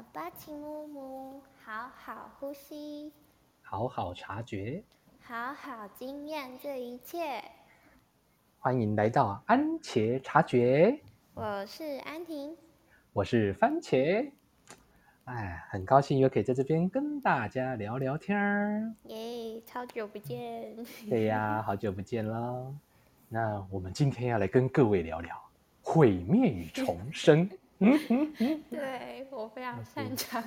好吧，木木，好好呼吸，好好察覺，好好經驗這一切。歡迎來到安茄察覺，我是安婷，我是番茄。哎，很高興又可以在這邊跟大家聊聊天耶，yeah, 啊，好久不見。對呀，好久不見了。那我們今天要來跟各位聊聊毀滅與重生。 嗯嗯嗯，對。我非常擅長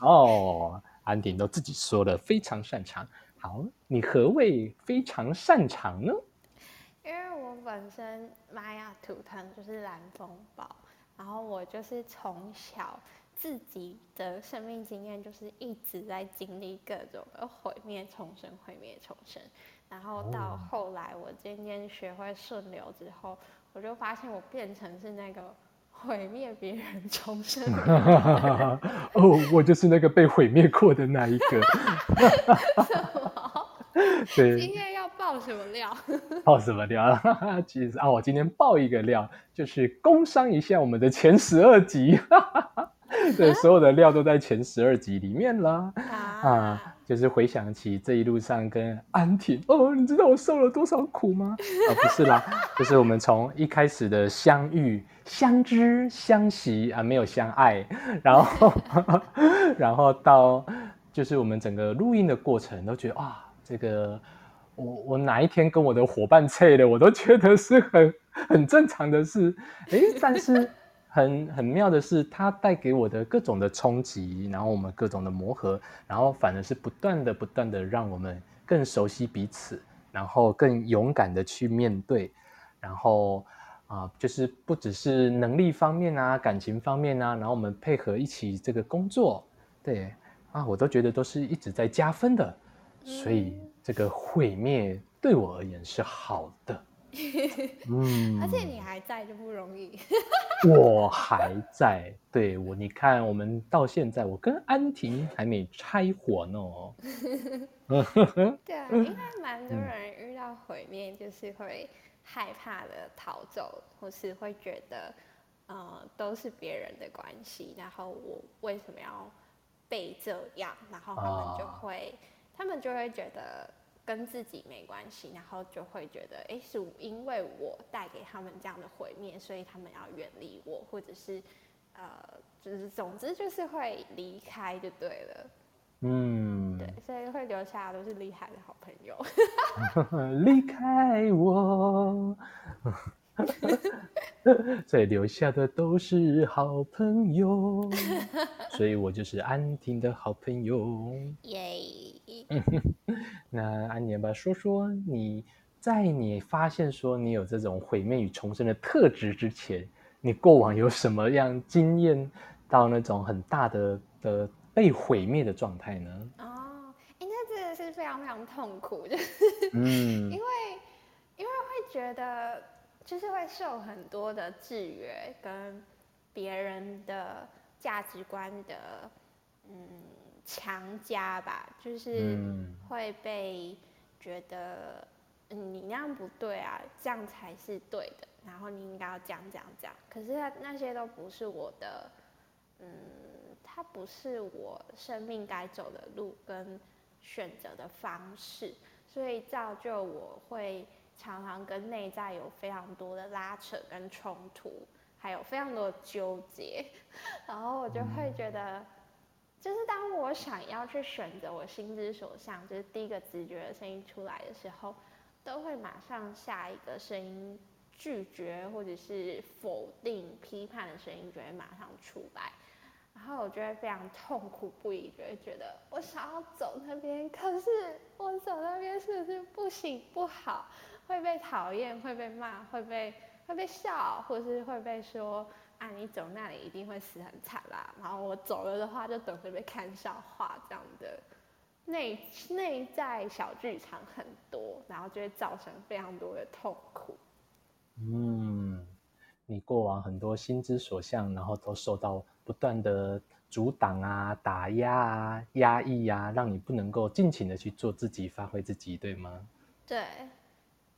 哦，安迪、okay. oh, 都自己說的非常擅長。好，你何謂非常擅長呢？因為我本身瑪雅圖騰就是藍風暴，然後我就是從小自己的生命經驗就是一直在經歷各種毀滅重生、毀滅重生，然後到後來我今天學會順流之後，oh. 我就發現我變成是那個。毀滅別人重生人。 哦，我就是那個被毀滅過的那一個。 什麼好。對。今天要爆什麼料？爆什麼料？ 其實啊，我、哦、今天爆一個料，就是工商一下我們的前十二集。 對、啊，所有的料都在前十二集裡面啦。啊。啊就是回想起這一路上跟安婷，哦，你知道我受了多少苦嗎？啊、哦，不是啦， 就是我們從一開始的相遇、相知相喜、相惜啊，沒有相愛，然後，然後到就是我們整個錄音的過程，都覺得啊，這個我我哪一天跟我的夥伴脆了，我都覺得是很很正常的事，哎，但是。很很妙的是，它帶給我的各種的衝擊，然後我們各種的磨合，然後反而是不斷的、不斷的讓我們更熟悉彼此，然後更勇敢的去面對，然後啊、呃，就是不只是能力方面啊，感情方面啊，然後我們配合一起這個工作，對啊，我都覺得都是一直在加分的，所以這個毀滅對我而言是好的。嗯， 而且你還在就不容易、嗯。 我還在，對我你看，我們到現在，我跟安婷還沒拆夥呢。 對啊，因為蠻多人遇到毀滅，就是會害怕的逃走，或是會覺得，呃，都是別人的關係，然後我為什麼要被這樣？然後他們就會，啊、他們就會覺得。跟自己沒關係，然後就會覺得，哎、欸，是因為我帶給他們這樣的毀滅，所以他們要遠離我，或者是，呃，就是總之就是會離開，就對了。嗯。嗯，對，所以會留下都是厲害的好朋友。 離開我。 所以留下的都是好朋友， 所以我就是安婷的好朋友。耶 Yeah！ 那安妮吧，說說你在你發現說你有這種毀滅與重生的特質之前，你過往有什麼樣經驗到那種很大的的被毀滅的狀態呢？哦，哎，那真的是非常非常痛苦，就是嗯， 因為 因為會覺得。就是會受很多的制約，跟別人的價值觀的嗯強加吧，就是會被覺得嗯，你那樣不對啊，這樣才是對的，然後你應該要這樣這樣這樣。可是那些都不是我的，嗯，它不是我生命該走的路跟選擇的方式，所以造就我會。常常跟內在有非常多的拉扯跟衝突，還有非常多的糾結，然後我就會覺得，就是當我想要去選擇我心之所向，就是第一個直覺的聲音出來的時候，都會馬上下一個聲音拒絕或者是否定批判的聲音就會馬上出來，然後我就會非常痛苦不已，就會覺得我想要走那邊，可是我走那邊是不是不行不好？會被討厭，會被罵，會被會被笑，或是會被說：“啊，你走那裡一定會死很慘啦、啊。”然後我走了的話，就等着被看笑話，這樣的內內在小劇場很多，然後就會造成非常多的痛苦。嗯，你過往很多心之所向，然後都受到不斷的阻擋啊、打壓啊、壓抑啊，讓你不能夠盡情的去做自己，發揮自己，對嗎？對。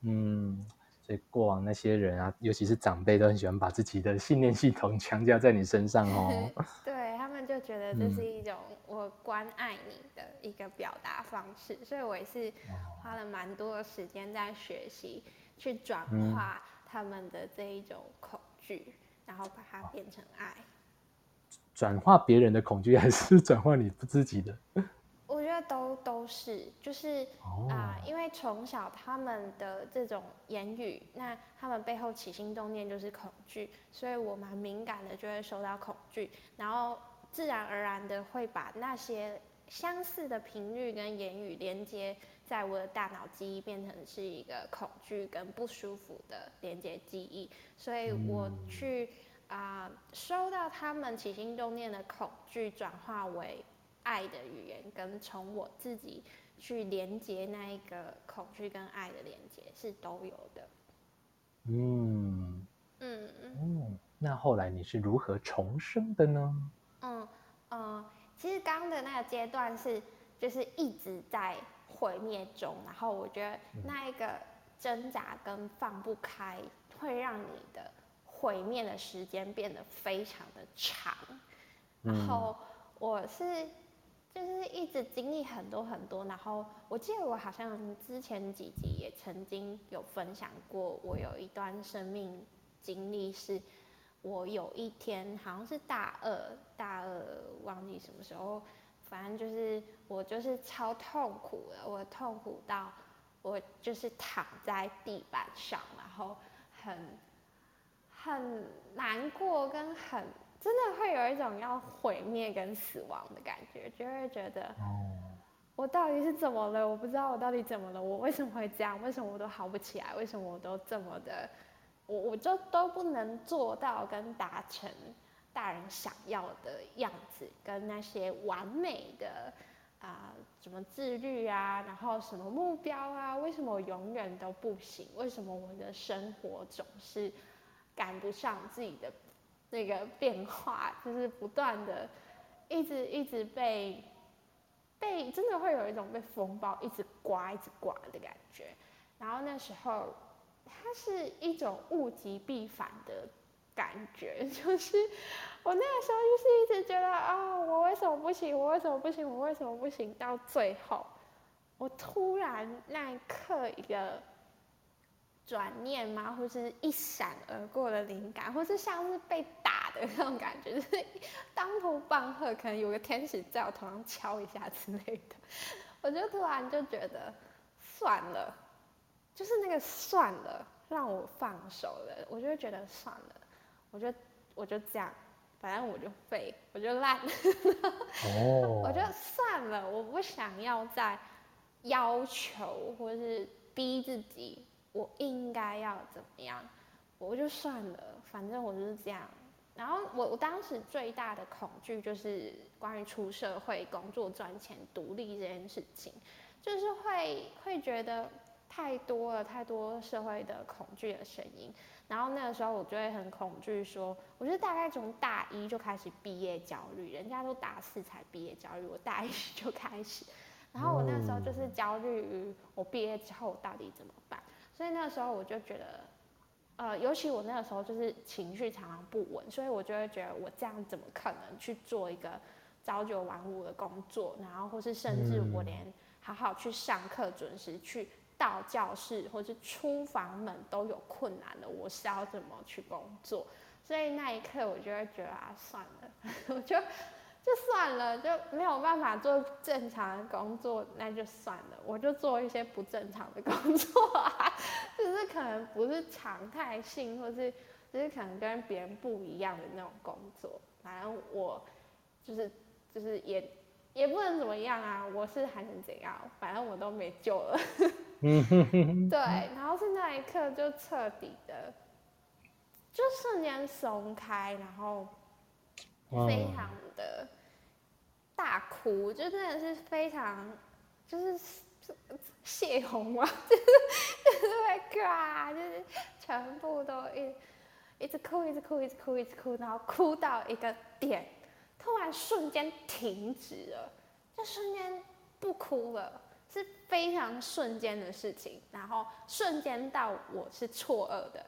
嗯，所以過往那些人啊，尤其是長輩，都很喜歡把自己的信念系統強加在你身上哦。 對，他們就覺得這是一種我關愛你的一個表達方式，嗯、所以我也是花了蠻多的時間在學習、嗯、去轉化他們的這一種恐懼，嗯、然後把它變成愛、哦。轉化別人的恐懼，還是轉化你不自己的？就是，就是啊，因為從小他們的這種言語，那他們背後起心動念就是恐懼，所以我蠻敏感的，就會收到恐懼，然後自然而然的會把那些相似的頻率跟言語連接在我的大腦記憶，變成是一個恐懼跟不舒服的連接記憶，所以我去啊、呃，收到他們起心動念的恐懼，轉化為。愛的語言跟從我自己去連接那一個恐懼跟愛的連接是都有的。嗯嗯嗯，那後來你是如何重生的呢？嗯嗯、呃，其實剛剛的那個階段是就是一直在毀滅中，然後我覺得那一個掙扎跟放不開、嗯、會讓你的毀滅的時間變得非常的長，然後我是。就是一直經歷很多很多，然後我記得我好像之前幾集也曾經有分享過，我有一段生命經歷是，我有一天好像是大二，大二忘記什麼時候，反正就是我就是超痛苦的，我痛苦到我就是躺在地板上，然後很很難過跟很。真的會有一種要毀滅跟死亡的感覺，就會覺得，我到底是怎麼了？我不知道我到底怎麼了？我為什麼會這樣？為什麼我都好不起來？為什麼我都這麼的，我我就都不能做到跟達成大人想要的樣子，跟那些完美的啊、呃，什麼自律啊，然後什麼目標啊？為什麼我永遠都不行？為什麼我的生活總是趕不上自己的？那個變化就是不斷的，一直一直被被真的會有一種被風暴一直刮一直刮的感覺。然後那時候，它是一種物極必反的感覺，就是我那個時候就是一直覺得啊、哦，我為什麼不行？我為什麼不行？我為什麼不行？到最後，我突然那一刻一個。轉念嗎？或是一閃而過的靈感，或是像是被打的那種感覺，就是當頭棒喝，可能有個天使在我頭上敲一下之類的。我就突然就覺得算了，就是那個算了，讓我放手了。我就覺得算了，我就我就這樣，反正我就廢，我就爛。哦，我就算了，我不想要再要求或是逼自己。我應該要怎麼樣？我就算了，反正我就是這樣。然後我我當時最大的恐懼就是關於出社會、工作、賺錢、獨立這件事情，就是會會覺得太多了，太多社會的恐懼的聲音。然後那個時候我就會很恐懼說，說我就是大概從大一就開始畢業焦慮，人家都大四才畢業焦慮，我大一就開始。然後我那時候就是焦慮於我畢業之後到底怎麼辦？所以那個時候我就覺得，呃，尤其我那個時候就是情緒常常不穩，所以我就會覺得我這樣怎麼可能去做一個朝九晚五的工作？然後或是甚至我連好好去上課、準時、嗯、去到教室或是出房門都有困難的。我是要怎麼去工作？所以那一刻我就會覺得啊，算了， 我就。就算了，就沒有辦法做正常的工作，那就算了，我就做一些不正常的工作啊，只、就是可能不是常態性，或是只是可能跟別人不一樣的那種工作。反正我就是就是也也不能怎麼樣啊，我是還能怎樣？反正我都沒救了。 對，然後是那一刻就徹底的，就瞬間鬆開，然後非常的。大哭，就真的是非常，就是洩洪啊，就是就是會哭啊，就是全部都一直哭一直哭，一直哭，一直哭，一直哭，然後哭到一個點，突然瞬間停止了，就瞬間不哭了，是非常瞬間的事情，然後瞬間到我是錯愕的，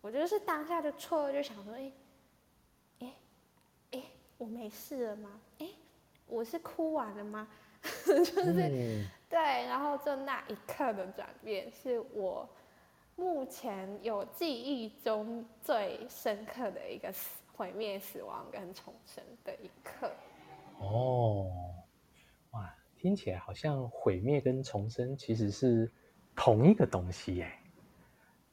我就是當下就錯愕，就想說，哎，哎，哎，我沒事了嗎？哎。我是哭完了嗎？ 就是、嗯，對，然後就那一刻的轉變，是我目前有記憶中最深刻的一個死、毀滅、死亡跟重生的一刻。哦，哇，聽起來好像毀滅跟重生其實是同一個東西耶！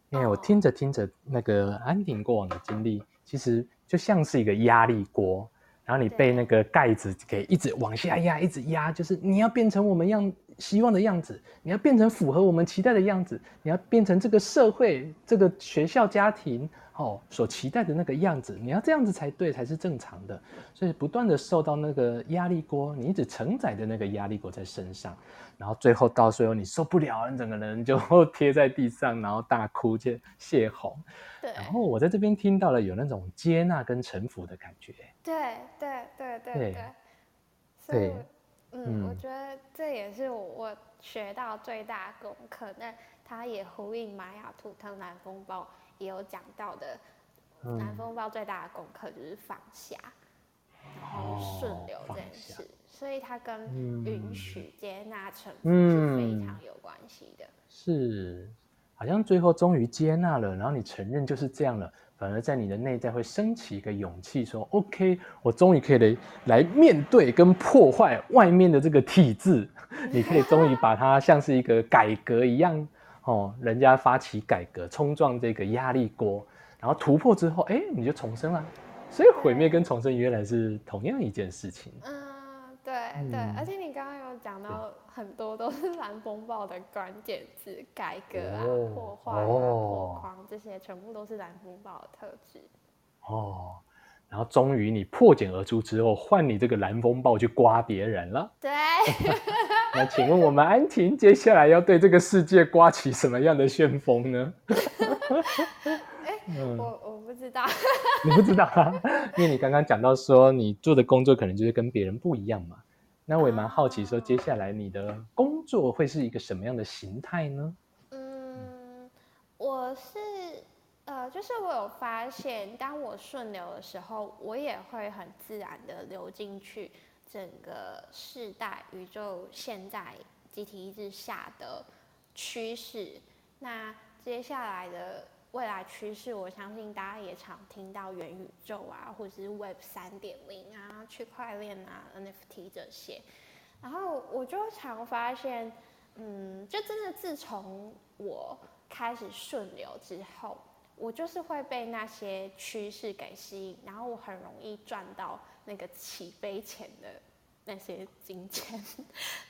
因為我聽着聽着，那個安茄過往的經歷，其實就像是一個壓力鍋。然後你被那個蓋子給一直往下壓，一直壓，就是你要變成我們樣，希望的樣子，你要變成符合我們期待的樣子，你要變成這個社會、這個學校、家庭哦所期待的那個樣子，你要這樣子才對，才是正常的。所以不斷的受到那個壓力鍋，你一直承載著那個壓力鍋在身上，然後最後到最後你受不了，你整個人就貼在地上，然後大哭，就洩洪。對。然後我在這邊聽到了有那種接納跟臣服的感覺。對對對對對。對。對對對嗯,嗯，我覺得這也是我學到的最大的功課，那、嗯、他也呼應瑪雅圖騰南風暴也有講到的，南風暴最大的功課就是放下，然後順流這件事，所以它跟允許接納承認是非常有關係的、嗯嗯。是，好像最後終於接納了，然後你承認就是這樣了。反而在你的內在會升起一個勇氣說，說：“OK，我終於可以來來面對跟破壞外面的這個體制。 你可以終於把它像是一個改革一樣，哦，人家發起改革，衝撞這個壓力鍋，然後突破之後，哎，你就重生了。所以毀滅跟重生原來是同樣一件事情。”對、嗯、對，而且你剛剛有講到很多都是藍風暴的關鍵字，改革啊、哦、破壞啊、哦、破框這些，全部都是藍風暴的特質。哦，然後終於你破繭而出之後，換你這個藍風暴去刮別人了。對， 那請問我們安婷接下來要對這個世界刮起什麼樣的旋風呢？ 哎、 嗯，欸，我我不知道，你 不知道。啊，因為你剛剛講到說你做的工作可能就是跟別人不一樣嘛。那我也蠻好奇，說接下來你的工作會是一個什麼樣的形態呢？嗯，我是呃，就是我有發現，當我順流的時候，我也會很自然的流進去整個世代宇宙現在集體意志下的趨勢。那接下來的未來趨勢，我相信大家也常聽到元宇宙啊，或者是 Web 三點零啊，區塊鏈啊，NFT 這些。然後我就常發現，嗯，就真的自從我開始順流之後，我就是會被那些趨勢給吸引，然後我很容易賺到那個起飛前的那些金錢。Oh.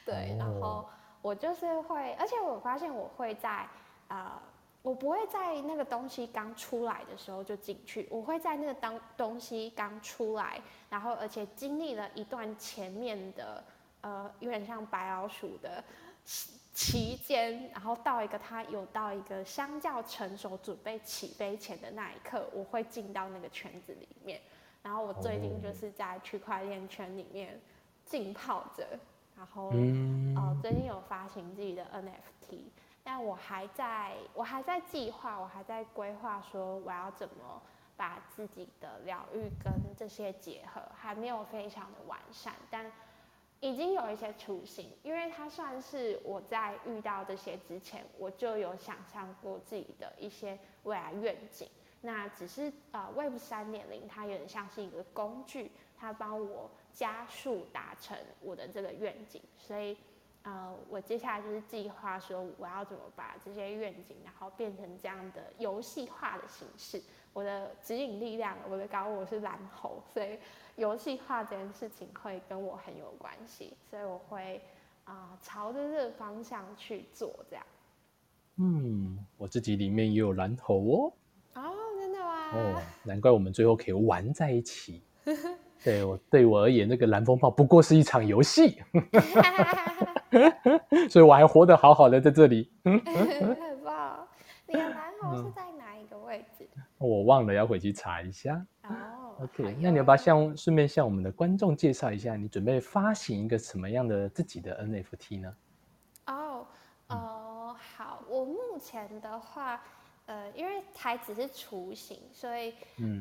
對，然後我就是會，而且我發現我會在，呃，我不會在那個東西剛出來的時候就進去，我會在那個當東西剛出來，然後而且經歷了一段前面的，呃，有點像白老鼠的期期間，然後到一個它有到一個相較成熟、準備起飛前的那一刻，我會進到那個圈子裡面。然後我最近就是在區塊鏈圈裡面浸泡着，然後哦、呃，最近有發行自己的 NFT。但我還在，我還在計劃，我還在規劃，說我要怎麼把自己的療癒跟這些結合，還沒有非常的完善，但已經有一些雛形。因為它算是我在遇到這些之前，我就有想象過自己的一些未來願景。那只是啊，呃，Web 三點零它有點像是一個工具，它幫我加速達成我的這個願景，所以。呃、我接下來就是計劃說，我要怎麼把這些願景，然後變成這樣的遊戲化的形式。我的指引力量，我的高我是藍猴，所以遊戲化這件事情會跟我很有關係，所以我會啊、呃、朝着這個方向去做。這樣，嗯，我自己裡面也有藍猴哦。哦，真的嗎？哦，難怪我們最後可以玩在一起。 對我對我而言，那個藍風暴不過是一場遊戲。 所以我還活得好好的，在這裡。很棒，你的蠻好。是在哪一個位置？我忘了，要回去查一下。Oh, OK，那你要不要向順便向我們的觀眾介紹一下，你準備發行一個什麼樣的自己的 NFT 呢？哦哦，好。我目前的話，呃、因為才只是雛形，所以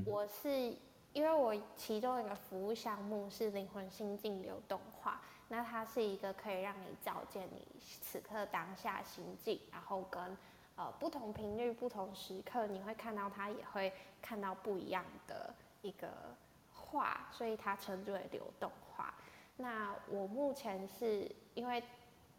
我是、嗯、因為我其中一個服務項目是靈魂心境流動化。那它是一個可以讓你照見你此刻當下心境，然後跟呃不同頻率、不同時刻，你會看到它也會看到不一樣的一個畫，所以它稱之為流動畫。那我目前是因為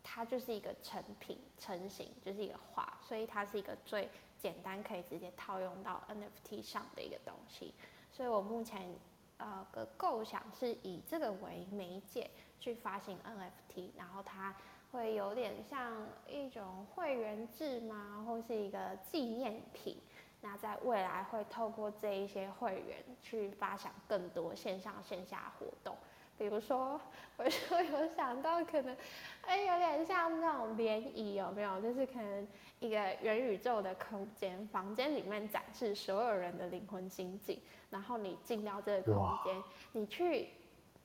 它就是一個成品、成型，就是一個畫，所以它是一個最簡單可以直接套用到 NFT 上的一個東西。所以我目前呃個構想是以這個為媒介。去發行 NFT，然後它會有點像一種會員制嗎，或是一個紀念品？那在未來會透過這一些會員去發想更多線上線下活動。比如說，我就有想到可能，哎、欸，有點像那種漣漪，有沒有？就是可能一個元宇宙的空間，房間裡面展示所有人的靈魂心境，然後你進到這個空間，你去。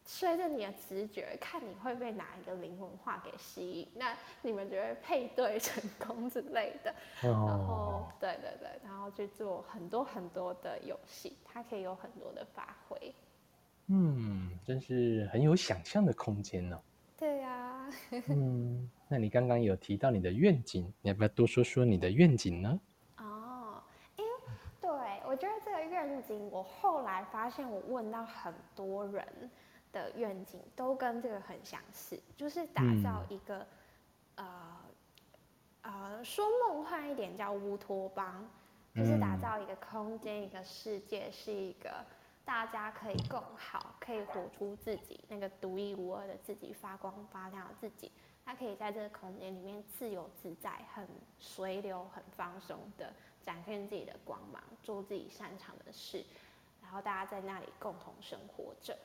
隨着你的直覺，看你會被哪一個靈魂畫給吸引。那你們覺得配對成功之類的，哦、然後對對對，然後去做很多很多的遊戲，它可以有很多的發揮。嗯，真是很有想象的空間呢、哦。對呀、啊。 嗯，那你剛剛有提到你的願景，你要不要多說說你的願景呢？哦，因對我覺得這個願景，我後來發現我問到很多人，的願景都跟這個很相似，就是打造一個，嗯、呃，呃，說夢幻一點叫烏托邦，就是打造一個空間、嗯、一個世界，是一個大家可以更好，可以活出自己那個獨一無二的自己，發光發亮的自己。他可以在這個空間裡面自由自在，很隨流、很放鬆的展現自己的光芒，做自己擅長的事，然後大家在那裡共同生活着。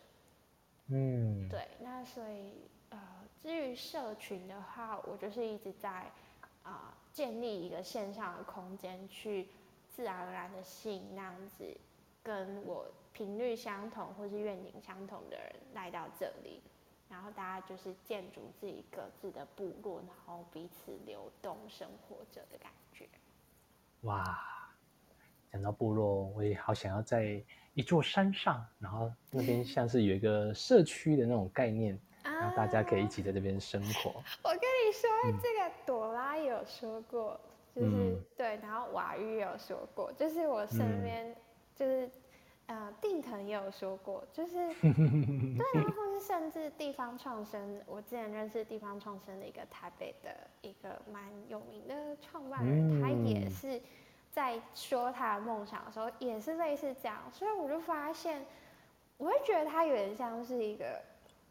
嗯，對，那所以呃，至於社群的話，我就是一直在啊、呃、建立一個線上的空間，去自然而然的吸引那樣子跟我頻率相同或是願景相同的人來到這裡，然後大家就是建築自己各自的部落，然後彼此流動生活着的感覺。哇。到部落，我也好想要在一座山上，然後那邊像是有一個社區的那種概念，然後大家可以一起在這邊生活，啊。我跟你說，這個朵拉有說過，嗯、就是對，然後瓦玉有說過，就是我身邊、嗯、就是呃定騰也有說過，就是 對啊，或甚至地方創生，我之前認識地方創生的一個台北的一個蠻有名的創辦人，嗯，他也是。在說他的夢想的時候，也是類似這樣，所以我就發現，我會覺得他有點像是一個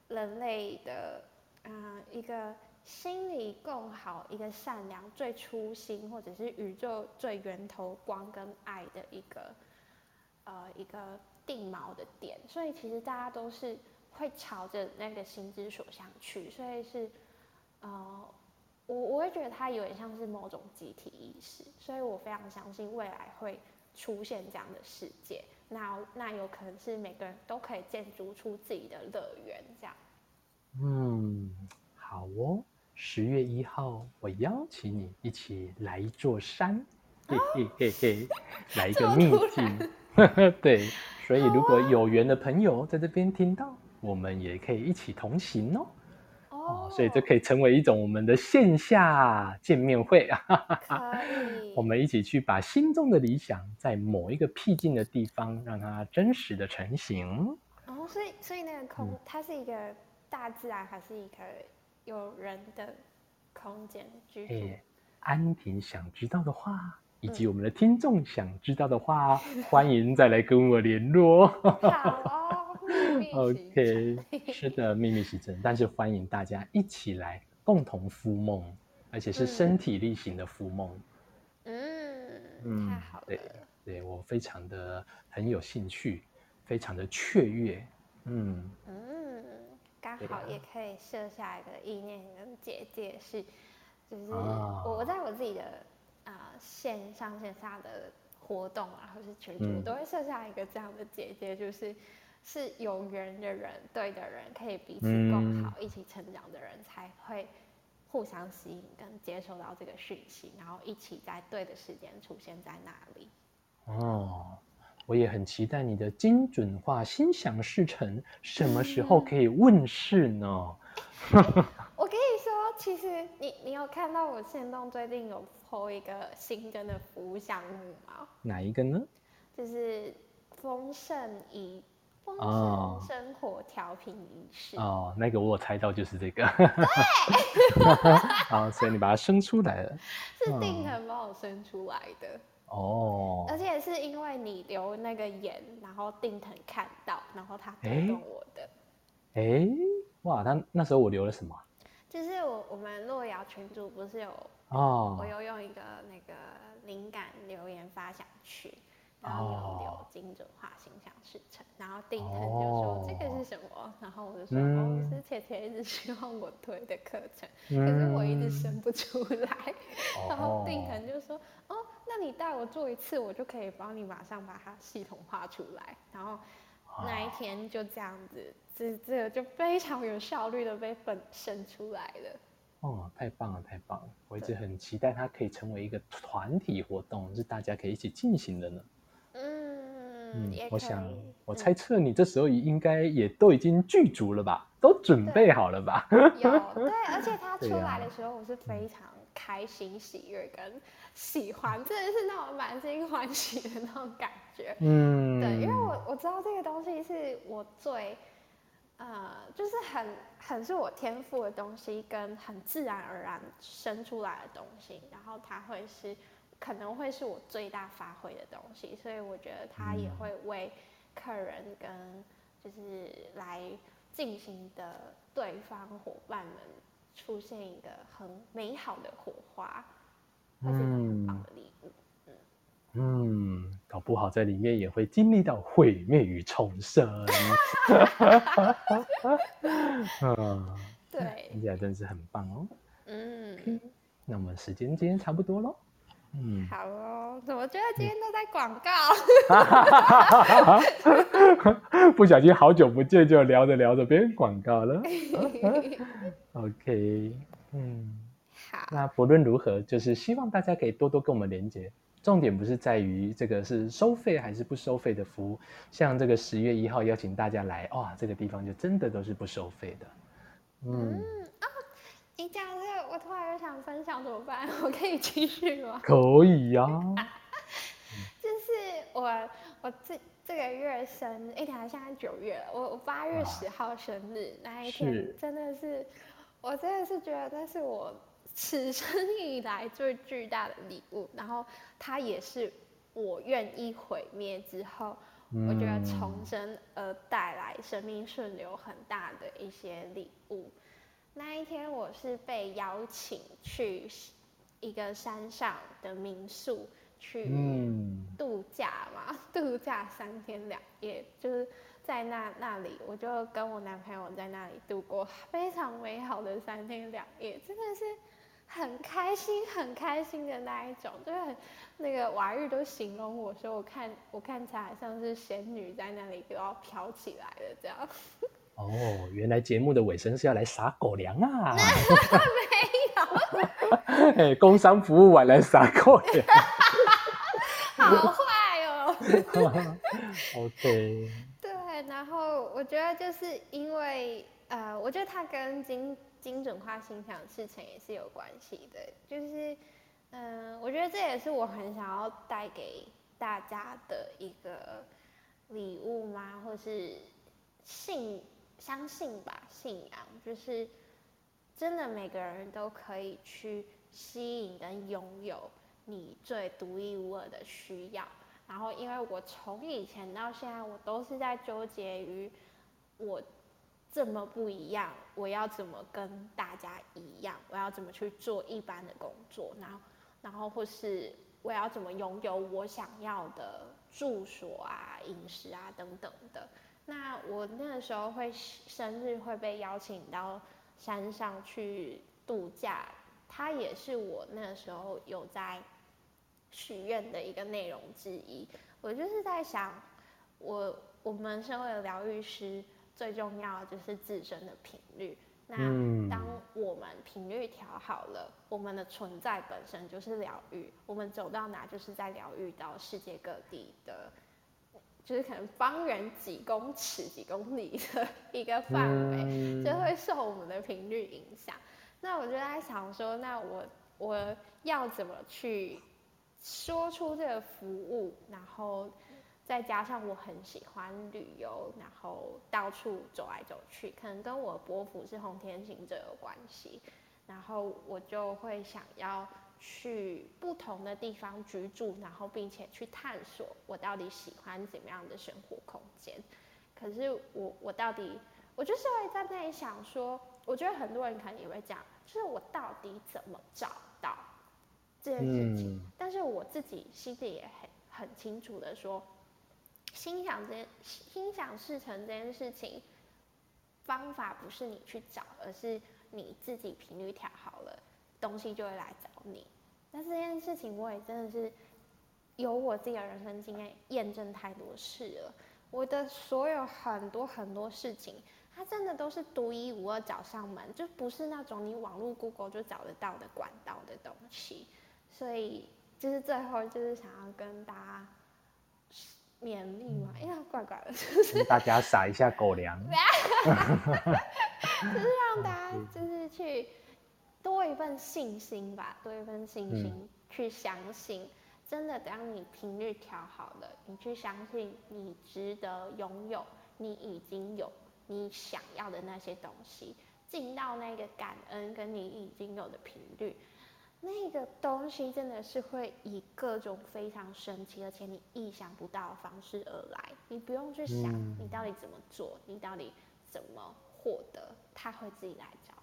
人類的，啊、呃，一個心理更好、一個善良、最初心或者是宇宙最源頭光跟愛的一個，呃、一個定錨的點。所以其實大家都是會朝着那個心之所向去，所以是，啊、呃。我我會覺得它有點像是某種集體意識，所以我非常相信未來會出現這樣的世界。那那有可能是每個人都可以建築出自己的樂園，這樣。嗯，好哦，十月一號，我邀請你一起來一座山，嘿、啊、嘿嘿嘿，來一個秘境。 對，所以如果有緣的朋友在這邊聽到，啊、我們也可以一起同行哦。哦，所以這可以成為一種我們的線下見面會啊， 我們一起去把心中的理想在某一個僻靜的地方讓它真實的成型。哦，所以所以那個空、嗯，它是一個大自然，還是一個有人的空間？安茄想知道的話，以及我們的聽眾想知道的話，嗯、歡迎再來跟我聯絡。 哦。 OK，是的，秘密是真， 秘密是真的，但是歡迎大家一起來共同敷夢，而且是身體力行的敷夢。嗯，嗯，太好了，對，對，我非常的很有興趣，非常的雀躍。嗯嗯，剛好也可以設下一個意念跟結界，是就是我在我自己的啊、呃、線上線下的活動啊，或是群組，都會設下一個這樣的結界，就是。是有緣的人，對的人，可以彼此共好、嗯，一起成長的人才會互相吸引，跟接受到這個訊息，然後一起在對的時間出現在那裡。哦，我也很期待你的精準化心想事成什麼時候可以問世呢？嗯、 我跟你說，其實你你有看到我限動最近有 po 一個新增的服務項目嗎？哪一個呢？就是豐盛儀。哦，生活調頻儀式哦，oh. Oh, 那個我有猜到就是這個， 對，好 ，oh, 所以你把它生出來了，oh. 是定藤幫我生出來的哦，oh. 而且是因為你留那個言，然後定藤看到，然後他讀動我的，哎、欸欸，哇，他那時候我留了什麼？就是我我們洛陽群組不是有哦，oh. 我有用一個那個靈感留言發想去。然後有精準化形象試試、心想事成，然後定騰就說：“ oh. 這個是什麼？”然後我就說：“是姐姐一直希望我推的課程、嗯，可是我一直生不出來。Oh. ”然後定騰就說：“ oh. 哦，那你帶我做一次，我就可以幫你馬上把它系統化出來。”然後那一天就這樣子，這這個就非常有效率的被分生出來了。哦、oh,，太棒了，太棒了！我一直很期待它可以成為一個團體活動，是大家可以一起進行的呢。嗯、我想，嗯、我猜測你這時候應該也都已經具足了吧、嗯，都準備好了吧？對 有對，而且他出來的時候、啊，我是非常開心、喜悅跟喜歡，真的是那種滿心歡喜的那種感覺。嗯，對，因為我我知道這個東西是我最，呃，就是很很是我天賦的東西，跟很自然而然生出來的東西，然後它會是。可能會是我最大發揮的東西，所以我覺得他也會為客人跟就是來進行的對方夥伴們出現一個很美好的火花，嗯、而且很棒的禮物。嗯，嗯，搞不好在裡面也會經歷到毀滅與重生。 嗯，對，聽起來真是很棒哦。嗯，那我們時間今天差不多嘍。嗯，好哦，怎麼覺得今天都在廣告，嗯、 不小心好久不見，就聊着聊着別人廣告了。啊啊、 OK，嗯，好，那不論如何，就是希望大家可以多多跟我們連接。重點不是在於這個是收費還是不收費的服務，像這個十月一號邀請大家來，哇，這個地方就真的都是不收費的。嗯。嗯啊你這樣子，我突然又想分享，怎麼辦？我可以繼續嗎？可以呀、啊。 就是我，我這這個月生日，欸、等一下，現在九月了，我我八月十號生日那一天，真的是，是，我真的是覺得這是我此生以來最巨大的禮物。然後它也是我願意毀滅之後，嗯、我覺得重生而帶來生命順流很大的一些禮物。那一天我是被邀請去一個山上的民宿去度假嘛，度假三天兩夜，就是在那那裡，我就跟我男朋友在那裡度過非常美好的三天兩夜，真的是很開心很開心的那一種，就是很那個娃玉都形容我說，我看我看起來好像是仙女在那裡，都要飄起來了這樣。哦，原來節目的尾聲是要來撒狗糧啊！ 沒有，哎、 欸，工商服務晚來撒狗糧， 好壞壞哦，好逗。對，然後我覺得就是因為呃，我覺得它跟精精準化心想事成也是有關係的，就是嗯、呃，我覺得這也是我很想要帶給大家的一個禮物嘛，或是性？相信吧，信仰就是真的。每個人都可以去吸引跟擁有你最獨一無二的需要。然後，因為我從以前到現在，我都是在糾結於我這麼不一樣，我要怎麼跟大家一樣？我要怎麼去做一般的工作？然後，然後或是我要怎麼擁有我想要的住所啊、飲食啊等等的。那我那個時候會生日會被邀請到山上去度假，它也是我那個時候有在許願的一個內容之一。我就是在想，我我們身為療癒師，最重要的就是自身的頻率。那當我們頻率調好了，我們的存在本身就是療癒，我們走到哪，就是在療癒到世界各地的。就是可能方圓幾公尺、幾公里的一個範圍，就會受我們的頻率影響。那我就在想說，那我我要怎麼去說出這個服務，然後再加上我很喜歡旅遊，然後到處走來走去，可能跟我伯父是紅天行者有關係。然後我就會想要。去不同的地方居住，然後並且去探索我到底喜歡怎麼樣的生活空間。可是我我到底，我就是會在那裡想說，我覺得很多人可能也會講，就是我到底怎麼找到這件事情？嗯。但是我自己心裡也很很清楚的說，心想這件心想事成這件事情，方法不是你去找，而是你自己頻率調好了，東西就會來找你，但是這件事情我也真的是有我自己的人生經驗驗證太多事了。我的所有很多很多事情，它真的都是獨一無二找上門，就不是那種你網絡 Google 就找得到的管道的東西。所以就是最後就是想要跟大家勉勵嘛，哎、嗯、呀，欸、怪怪的，就是、大家撒一下狗糧， 就是讓大家就是去。多一份信心吧，多一份信心、嗯、去相信，真的，當你頻率調好了，你去相信你值得擁有，你已經有你想要的那些東西，進到那個感恩跟你已經有的頻率，那個東西真的是會以各種非常神奇而且你意想不到的方式而來，你不用去想你到底怎麼做，你到底怎麼獲得，他會自己來找。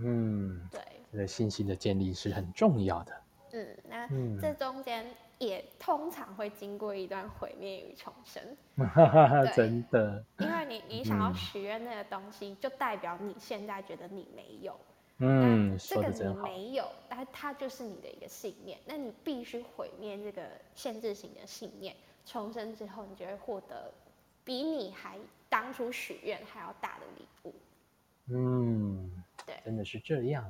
嗯，對，這個信心的建立是很重要的。嗯，那這中間也通常會經過一段毀滅與重生。 對 真的，因為你你想要許願那個東西、嗯，就代表你現在覺得你沒有。嗯，這個你沒有，但它就是你的一個信念。那你必須毀滅這個限制性的信念，重生之後，你就會獲得比你還當初許願還要大的禮物。嗯。對，真的是這樣，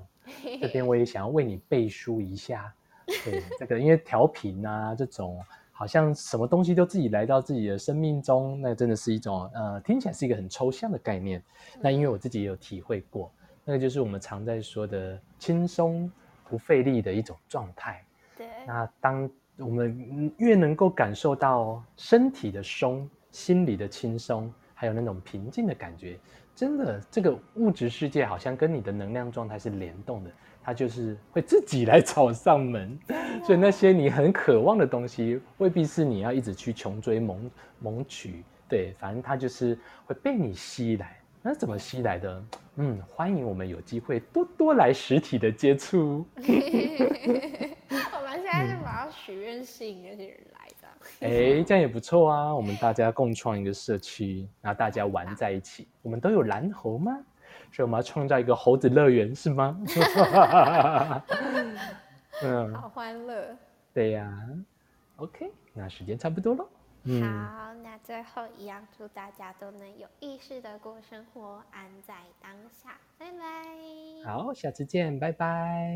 這邊我也想要為你背書一下。 對這個，因為調頻啊，這種好像什麼東西都自己來到自己的生命中，那真的是一種呃，聽起來是一個很抽象的概念。嗯、那因為我自己也有體會過，那個就是我們常在說的輕鬆不費力的一種狀態。對，那當我們越能夠感受到身體的鬆，心裡的輕鬆。還有那種平靜的感覺，真的，這個物質世界好像跟你的能量狀態是聯動的，它就是會自己來找上門。所以那些你很渴望的東西，未必是你要一直去窮追猛猛取。對，反正它就是會被你吸來。那怎麼吸來的？嗯，歡迎我們有機會多多來實體的接觸。 我要許願吸引這些人來的，哎，這樣也不錯啊！我們大家共創一個社區，然後大家玩在一起。啊、我們都有藍猴嗎？所以我們要創造一個猴子樂園，是嗎？ 嗯，好歡樂。對呀、啊，OK，那時間差不多了。好、嗯，那最後一樣，祝大家都能有意識的過生活，安在當下。拜拜。好，下次見，拜拜。